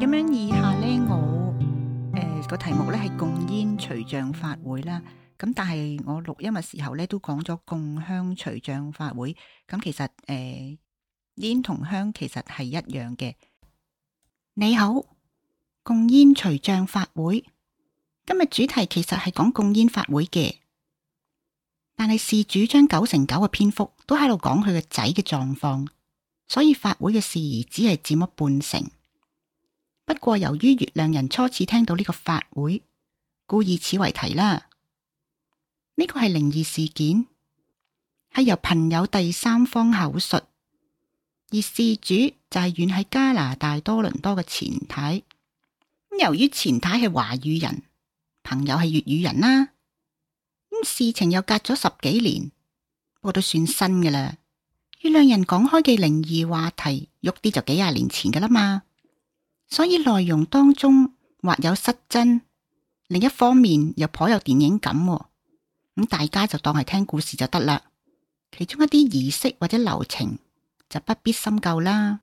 咁樣，以下呢，我誒、呃這個題目呢係供煙除障法會啦。咁但係我錄音嘅時候呢，都講咗供香除障法會。咁其實誒、呃、煙同香其實係一樣嘅。你好，供煙除障法會。今日主題其實係講供煙法會嘅，但係事主將九成九嘅篇幅都喺度講佢個仔嘅狀況，所以法會嘅事宜只係佔一半成。不過，由於月亮人初次聽到呢個法會，故以此為題啦。呢個係靈異事件，係由朋友第三方口述，而事主就係遠喺加拿大多倫多嘅前太。由於前太係華語人，朋友係粵語人啦，啊。咁事情又隔咗十幾年，不過都算新嘅啦。月亮人講開嘅靈異話題，喐啲就幾廿年前㗎啦嘛。所以內容當中或有失真，另一方面又頗有電影感，哦，咁大家就當係聽故事就得啦。其中一啲儀式或者流程就不必深究啦。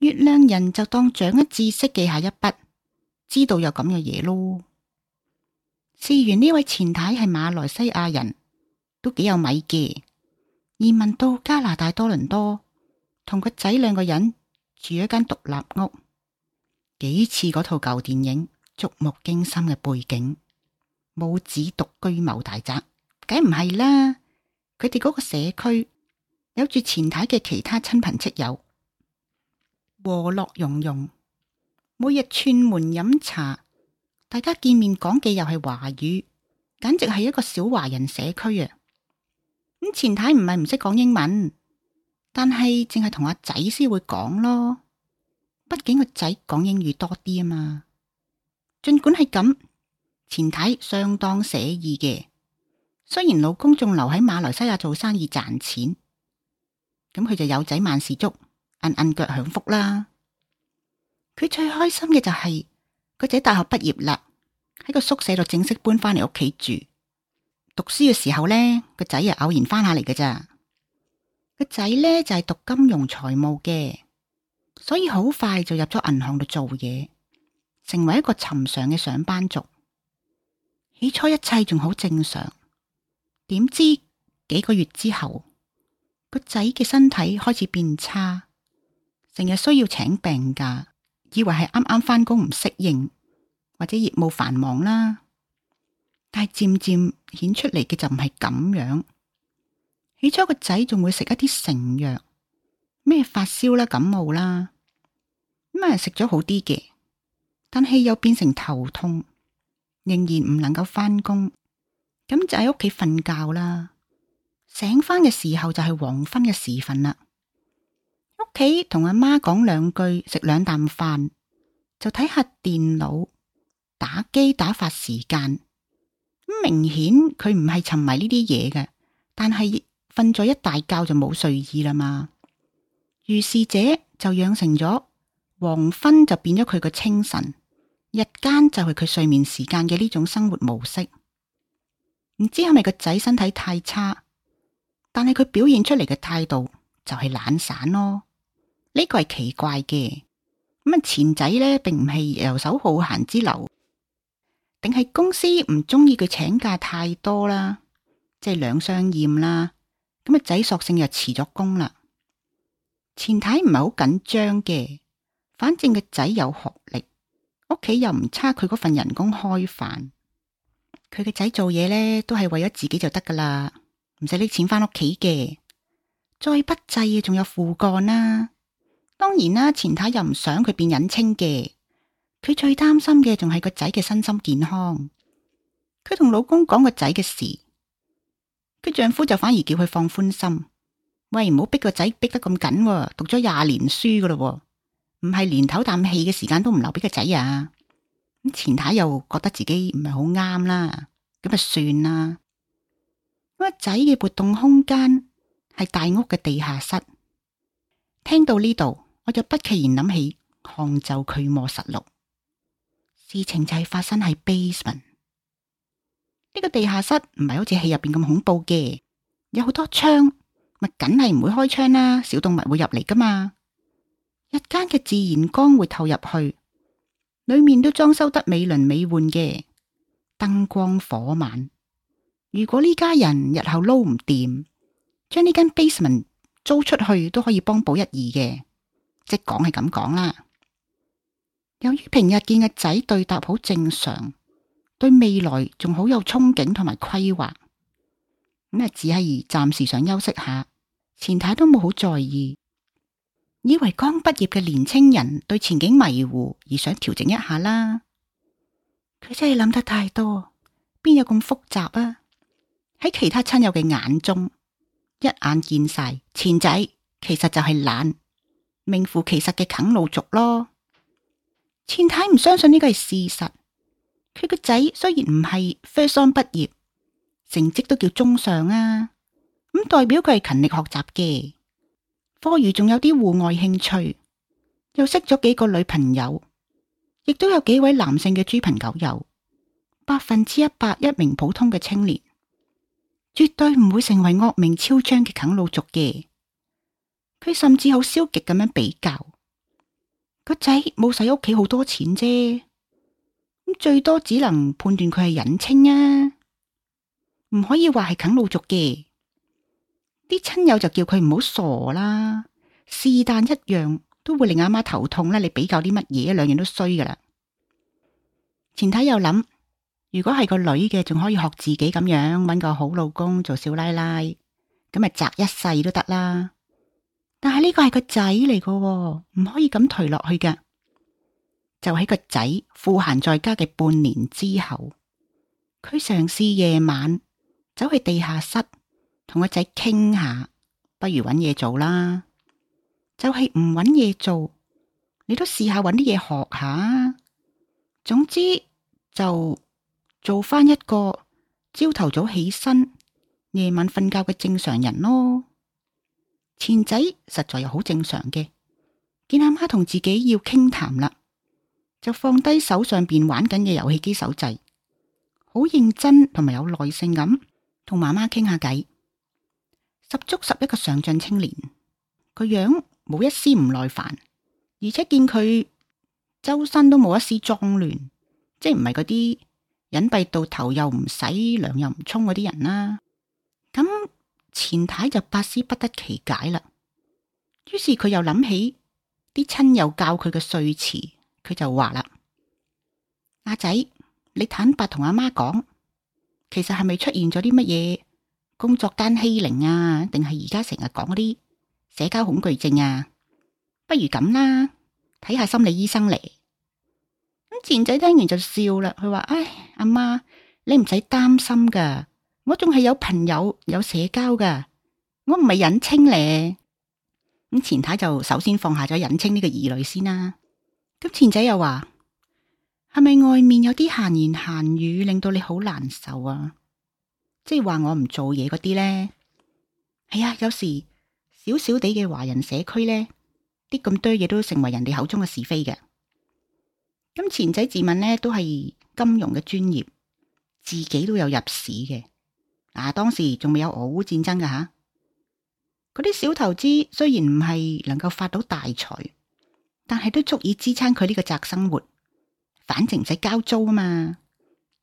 月亮人就當掌握知識記下一筆，知道有咁嘅嘢咯。事緣呢位前太係馬來西亞人，都幾有米嘅。移民到加拿大多倫多，同個仔兩個人住一間獨立屋。幾次嗰套舊電影觸目驚心嘅背景，母子獨居某大宅，梗唔係啦。佢哋嗰個社區有住前太嘅其他親朋戚友，和樂融融，每日串門飲茶，大家見面講嘅又係華語，簡直係一個小華人社區啊！咁前太唔係唔識講英文，但係淨係同阿仔先會講咯。畢竟個仔講英語多啲啊嘛，盡管係咁，前提相當寫意嘅。雖然老公仲留喺馬來西亞做生意賺錢，咁佢就有仔萬事足，摁摁腳享福啦。佢最開心嘅就係個仔大學畢業啦，喺個宿舍度正式搬翻嚟屋企住。讀書嘅時候呢，個仔啊偶然翻下嚟㗎咋。個仔呢，就係、是、讀金融財務嘅。所以好快就入咗銀行度做嘢，成為一個尋常嘅上班族。起初一切仲好正常，點知幾個月之後，個仔嘅身體開始變差，成日需要請病假，以為係啱啱返工唔適應或者業務繁忙啦。但係漸漸顯出嚟嘅就唔係咁樣。起初個仔仲會食一啲成藥，咩發燒啦、感冒啦。咁係食咗好啲嘅，但係又變成頭痛，仍然唔能夠翻工，咁就喺屋企瞓覺啦。醒翻嘅時候就係黃昏嘅時分啦。屋企同阿媽講兩句，食兩啖飯，就睇下電腦、打機打發時間。咁明顯佢唔係沉迷呢啲嘢嘅，但係瞓咗一大覺就冇睡意啦嘛。如是者就養成咗。黃昏就變咗佢個清晨，日間就係佢睡眠時間嘅呢種生活模式。唔知係咪個仔身體太差，但係佢表現出嚟嘅態度就係懶散咯。呢個係奇怪嘅。咁啊，前仔呢，並唔係游手好閒之流，定係公司唔中意佢請假太多啦，即係兩相厭啦。咁啊，仔索性又辭咗工啦。前太唔係好緊張嘅。反正個仔有學歷，屋企又唔差，佢嗰份人工開飯，佢個仔做嘢呢都係為咗自己就得噶啦，唔使拎錢翻屋企嘅。再不濟仲有父幹啦。當然啦、啊，前太太又唔想佢變隱青嘅，佢最擔心嘅仲係個仔嘅身心健康。佢同老公講個仔嘅事，佢丈夫就反而叫佢放寬心，喂，唔好逼個仔逼得咁緊、啊，讀咗廿年書噶啦、啊。唔係連唞啖氣嘅時間都唔留俾個仔啊！咁前太太又覺得自己唔係好啱啦，咁啊算啦。乜仔嘅活動空間係大屋嘅地下室。聽到呢度，我就不期然諗起《抗咒驅魔實錄》。事情就係發生喺 basement 呢個地下室，唔係好似戲入邊咁恐怖嘅，有好多窗，咪梗係唔會開窗啦。小動物會入嚟噶嘛？日間嘅自然光會透入去，裏面都裝修得美輪美奐嘅，燈光火猛。如果呢家人日後撈唔掂，將呢間 basement 租出去都可以幫補一二嘅，即講係咁講啦。由於平日見嘅仔對答好正常，對未來仲好有憧憬同埋規劃，咁啊只係暫時想休息下，前太都冇好在意。以為剛畢業嘅年青人對前景迷糊而想調整一下啦，佢真係諗得太多，邊有咁複雜啊？喺其他親友嘅眼中，一眼見晒，前仔其實就係懶，名副其實嘅啃老族咯。前太唔相信呢個係事實，佢個仔雖然唔係 first hon 畢業，成績都叫中上啊，咁代表佢係勤力學習嘅。科如，仲有啲戶外興趣，又識咗幾個女朋友，亦都有幾位男性嘅豬朋狗友。百分之一百，一名普通嘅青年，絕對唔會成為惡名昭彰嘅啃老族嘅。佢甚至好消極咁樣比較，個仔冇使屋企好多錢啫，咁最多只能判斷佢係隱青啊，唔可以話係啃老族嘅。啲親友就叫佢唔好傻啦，是但一樣都會令阿媽,媽頭痛啦。你比較啲乜嘢，兩樣都衰噶啦。前妻又諗，如果係個女嘅，仲可以學自己咁樣，搵個好老公做少奶奶，咁咪宅一世都得啦。但係呢個係個仔嚟噶，唔可以咁頹落去噶。就喺個仔賦閒在家嘅半年之後，佢嘗試夜晚走去地下室。同個仔傾下，不如搵嘢做啦。就係唔搵嘢做，你都試下搵啲嘢學下。總之就做翻一個朝頭早起身，夜晚瞓覺嘅正常人咯。前仔實在係好正常嘅，見阿媽同自己要傾談啦，就放低手上邊玩緊嘅遊戲機手掣，好認真同埋有耐性咁同媽媽傾下偈。十足十一個上進青年，個樣冇一絲唔耐煩，而且見佢周身都冇一絲髒亂，即係唔係嗰啲隱蔽到頭又唔洗涼又唔沖嗰啲人啦、啊。咁前太就百思不得其解啦。於是佢又諗起啲親友教佢嘅碎詞，佢就話啦：阿、啊、仔，你坦白同阿媽講，其實係咪出現咗啲乜嘢？工作間欺凌啊，定係而家成日講嗰啲社交恐懼症啊？不如咁啦，睇下心理醫生嚟。咁前仔聽完就笑啦，佢話：唉，阿媽，你唔使擔心噶，我仲係有朋友有社交噶，我唔係隱青咧。咁前太太就首先放下咗隱青呢個疑慮先啦。咁前仔又話：係咪外面有啲閒言閒語令到你好難受啊？即係話我唔做嘢嗰啲咧，係、哎、啊，有時小小地嘅華人社區咧，啲咁多嘢都成為人哋口中嘅是非嘅。咁錢仔自問咧，都係金融嘅專業，自己都有入市嘅。嗱、啊，當時仲未有俄烏戰爭㗎吓，嗰、啊、啲小投資雖然唔係能夠發到大財，但係都足以支撐佢呢個宅生活。反正唔使交租啊嘛，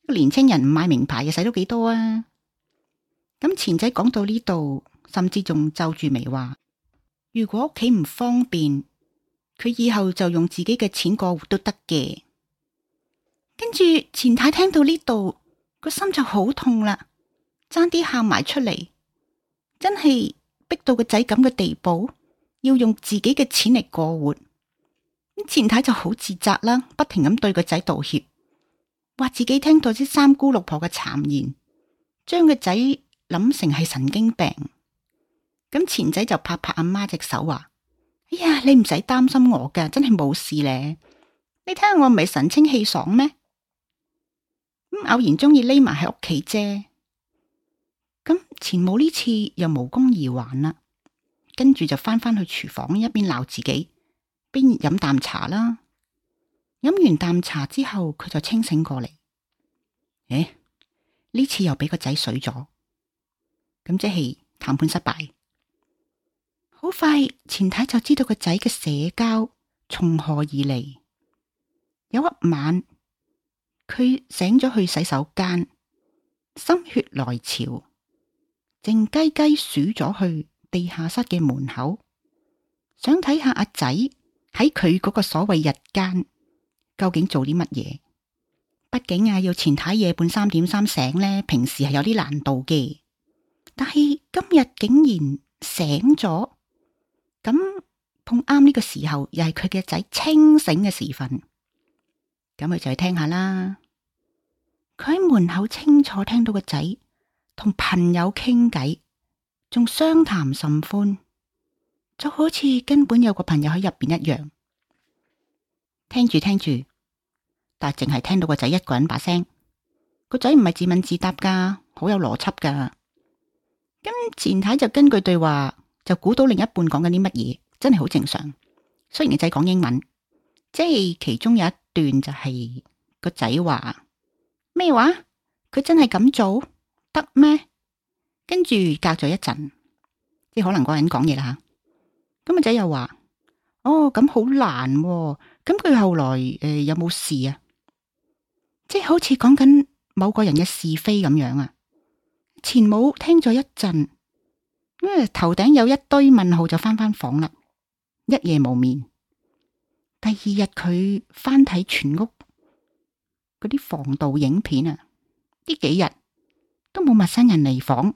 年青人唔買名牌嘅使到幾多啊？咁前仔講到呢度，甚至仲皺住眉話：如果屋企唔方便，佢以後就用自己嘅錢過活都得嘅。跟住前太聽到呢度，個心就好痛啦，爭啲喊埋出嚟。真係逼到個仔咁嘅地步，要用自己嘅錢嚟過活。咁前太就好自責啦，不停咁對個仔道歉，話自己聽到啲三姑六婆嘅讒言，將個仔，諗成係神經病，咁前仔就拍拍阿媽隻手話：哎呀，你唔使擔心我噶，真係冇事咧。你睇下我唔係神清氣爽咩？咁偶然中意匿埋喺屋企啫。咁前母呢次又無功而還啦，跟住就翻返去廚房，一邊鬧自己，邊飲啖茶啦。飲完啖茶之後，佢就清醒過嚟。誒、哎，呢次又俾個仔水咗。咁即係談判失敗。好快，前太就知道個仔嘅社交從何而嚟。有一晚，佢醒咗去洗手間，心血來潮，靜雞雞數咗去地下室嘅門口，想睇下阿仔喺佢嗰個所謂日間究竟做啲乜嘢。畢竟啊，要前太夜半三點三醒呢，平時係有啲難度嘅。但係今日竟然醒咗，咁碰啱呢個時候，又係佢嘅仔清醒嘅時分，咁佢就去聽下啦。佢喺門口清楚聽到個仔同朋友傾偈，仲相談甚歡，就好似根本有個朋友喺入邊一樣。聽住聽住，但係淨係聽到個仔一個人把聲，個仔唔係自問自答噶，好有邏輯噶。咁前排就根據對話就估到另一半講緊啲乜嘢，真係好正常。雖然你仔講英文，即係其中有一段就係個仔話咩話，佢真係咁做得咩？跟住隔咗一陣，即係可能嗰個人講嘢啦吓。咁個仔又話：，哦，咁好難，啊。咁佢後來誒、呃、有冇事啊？即係好似講緊某個人嘅是非咁樣啊。前母聽咗一陣、因，頭頂有一堆問號，就翻返房啦。一夜無眠。第二日佢翻睇全屋嗰啲防盜影片啊！呢幾日都冇陌生人嚟房，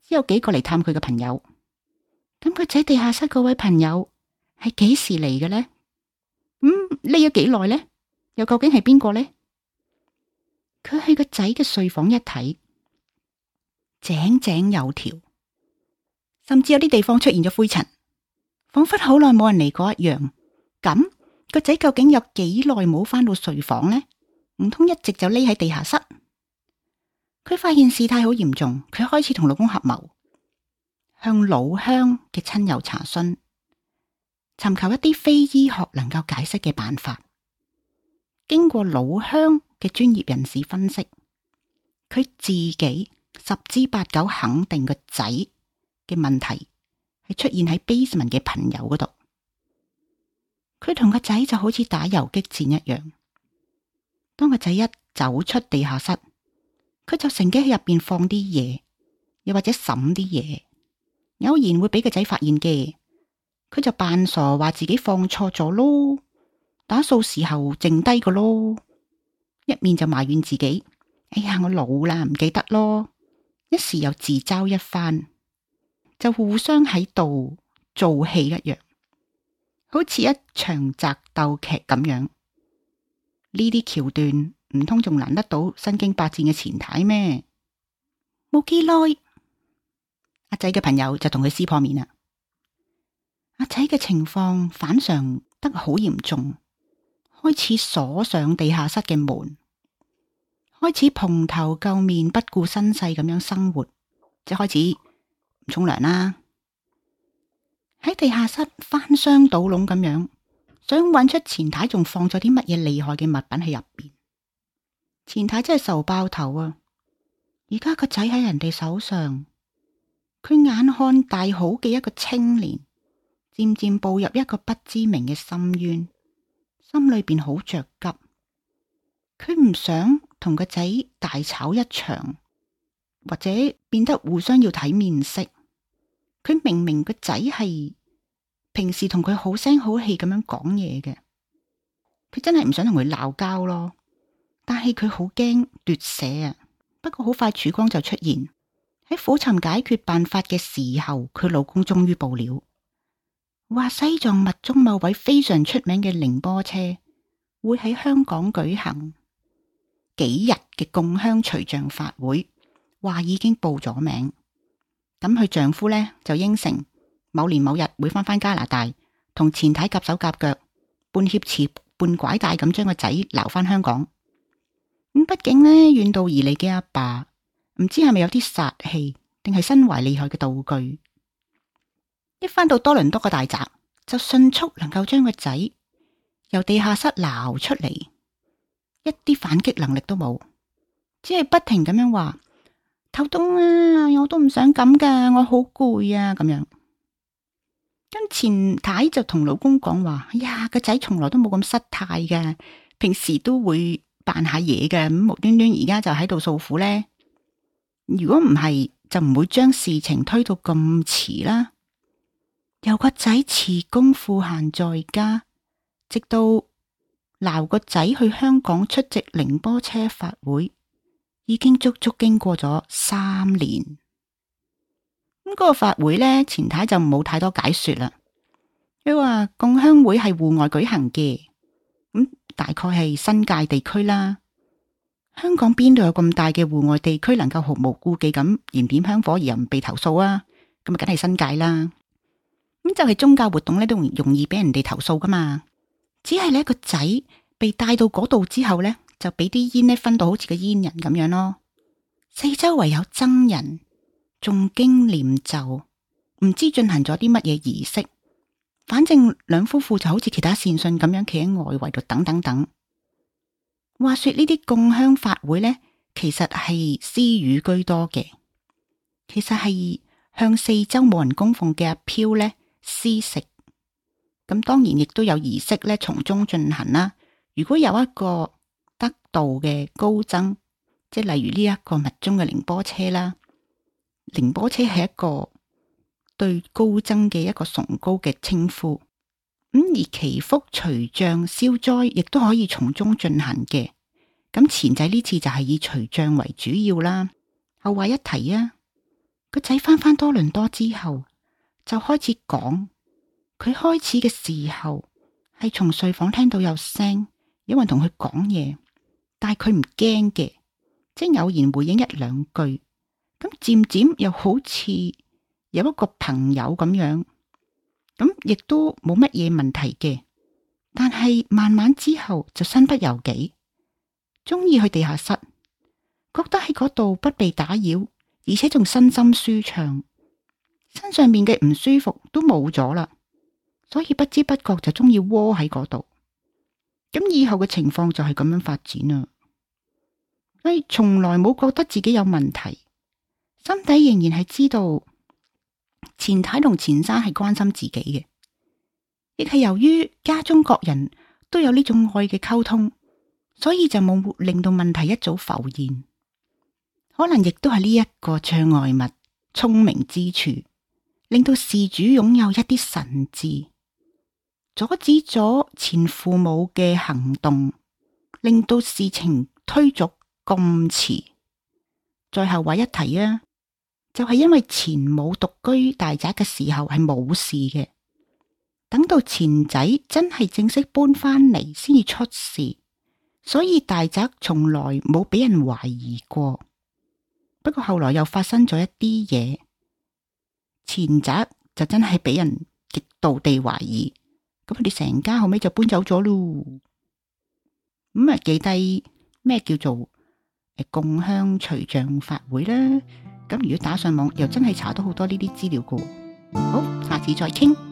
只有幾個嚟探佢嘅朋友。咁佢仔地下室嗰位朋友係幾時嚟嘅呢？咁匿咗幾耐呢？又究竟係邊個呢？佢去個仔嘅睡房一睇。井井有條，甚至有啲地方出現咗灰塵，仿佛好耐冇人嚟過一樣。咁個仔究竟有幾耐冇返到睡房呢？唔通一直就匿喺地下室？佢發現事態好嚴重，佢開始同老公合謀，向老鄉嘅親友查詢，尋求一啲非醫學能夠解釋嘅辦法。經過老鄉嘅專業人士分析，佢自己。十之八九肯定個仔嘅問題係出現喺 basement 嘅朋友嗰度。佢同個仔就好似打游擊戰一樣。當個仔一走出地下室，佢就乘機喺入邊放啲嘢，又或者審啲嘢，偶然會俾個仔發現嘅，佢就扮傻話自己放錯咗咯，打掃時候剩低個咯，一面就埋怨自己：哎呀，我老啦，唔記得咯。一時又自嘲一番，就互相喺度做戲一樣，好似一場雜鬥劇咁樣。呢啲橋段唔通仲難得到身經百戰嘅前太咩？冇幾耐，阿仔嘅朋友就同佢撕破面啦。阿仔嘅情況反常得好嚴重，開始鎖上地下室嘅門。開始蓬頭垢面、不顧身世咁樣生活，即係開始唔沖涼啦。喺地下室翻箱倒籠咁樣，想揾出前太仲放咗啲乜嘢厲害嘅物品喺入邊。前太真係愁爆頭啊！而家個仔喺人哋手上，佢眼看大好嘅一個青年，漸漸步入一個不知名嘅深淵，心裏邊好着急，佢唔想。同個仔大吵一場，或者變得互相要睇面色。佢明明個仔係平時同佢好聲好氣咁樣講嘢嘅，佢真係唔想同佢鬧交咯。但係佢好驚奪舍啊！不過好快，曙光就出現喺苦尋解決辦法嘅時候，佢老公終於報料，話西藏密宗某位非常出名嘅寧波車會喺香港舉行。幾日嘅供香除障法會，話已經報咗名。咁佢丈夫呢就應承，某年某日會翻返加拿大，同前太夾手夾腳，半脅持、半拐帶咁將個仔留翻香港。咁、嗯、畢竟呢，遠道而嚟嘅阿爸，唔知係咪有啲殺氣，定係身懷厲害嘅道具？一翻到多倫多嘅大宅，就迅速能夠將個仔由地下室撈出嚟。一啲反擊能力都冇，只係不停咁樣話頭痛啊！我都唔想咁噶，我好攰啊！咁樣，跟前太就同老公講話，呀，個仔從來都冇咁失態噶，平時都會扮下嘢噶，咁無端端而家就喺度訴苦呢？如果唔係，就唔會將事情推到咁遲啦。有個仔辭工賦閒在家，直到。鬧個仔去香港出席寧波車法會，已經足足經過咗三年。咁嗰個法會呢，前排就冇太多解說啦。佢話共鄉會係戶外舉行嘅，咁大概係新界地區啦。香港邊度有咁大嘅戶外地區能夠毫無顧忌咁燃點香火而又唔被投訴啊？咁啊，梗係新界啦。咁就係宗教活動呢，都容容易俾人哋投訴噶嘛。只係你一個仔被帶到嗰度之後咧，就俾啲煙咧分到好似個煙人咁樣咯。四周圍有僧人誦經念咒，唔知進行咗啲乜嘢儀式。反正兩夫婦就好似其他善信咁樣企喺外圍度等等等。話說呢啲供香法會咧，其實係私語居多嘅，其實係向四周冇人供奉嘅阿飄咧施食。咁當然亦都有儀式咧，從中進行啦。如果有一個得道嘅高僧，即係例如呢一個密宗嘅凌波車啦，凌波車係一個對高僧嘅一個崇高嘅稱呼。咁而祈福灶灶、除障、消災，亦都可以從中進行嘅。咁前仔呢次就係以除障為主要啦。後話一提啊，個仔翻返多倫多之後，就開始講。佢開始嘅時候係從睡房聽到有聲，有人同佢講嘢，但係佢唔驚嘅，即係偶然回應一兩句。咁漸漸又好似有一個朋友咁樣，咁亦都冇乜嘢問題嘅。但係慢慢之後就身不由己，中意去地下室，覺得喺嗰度不被打擾，而且仲身心舒暢，身上面嘅唔舒服都冇咗啦。所以不知不覺就中意窩喺嗰度，咁以後嘅情況就係咁樣發展啦。係、哎、從來冇覺得自己有問題，心底仍然係知道前太同前生係關心自己嘅，亦係由於家中各人都有呢種愛嘅溝通，所以就冇令到問題一早浮現。可能亦都係呢一個障礙物聰明之處，令到事主擁有一啲神智。阻止咗前父母嘅行動，令到事情推續咁遲。最後話一提啊，就係、是、因為前母獨居大宅嘅時候係冇事嘅，等到前仔真係正式搬翻嚟先至出事，所以大宅從來冇俾人懷疑過。不過後來又發生咗一啲嘢，前宅就真係俾人極度地懷疑。咁佢哋成家後尾就搬走咗咯，咁啊記低咩叫做供煙除障法會咧？咁、嗯、如果打上網又真係查到好多呢啲資料噶，好，下次再傾。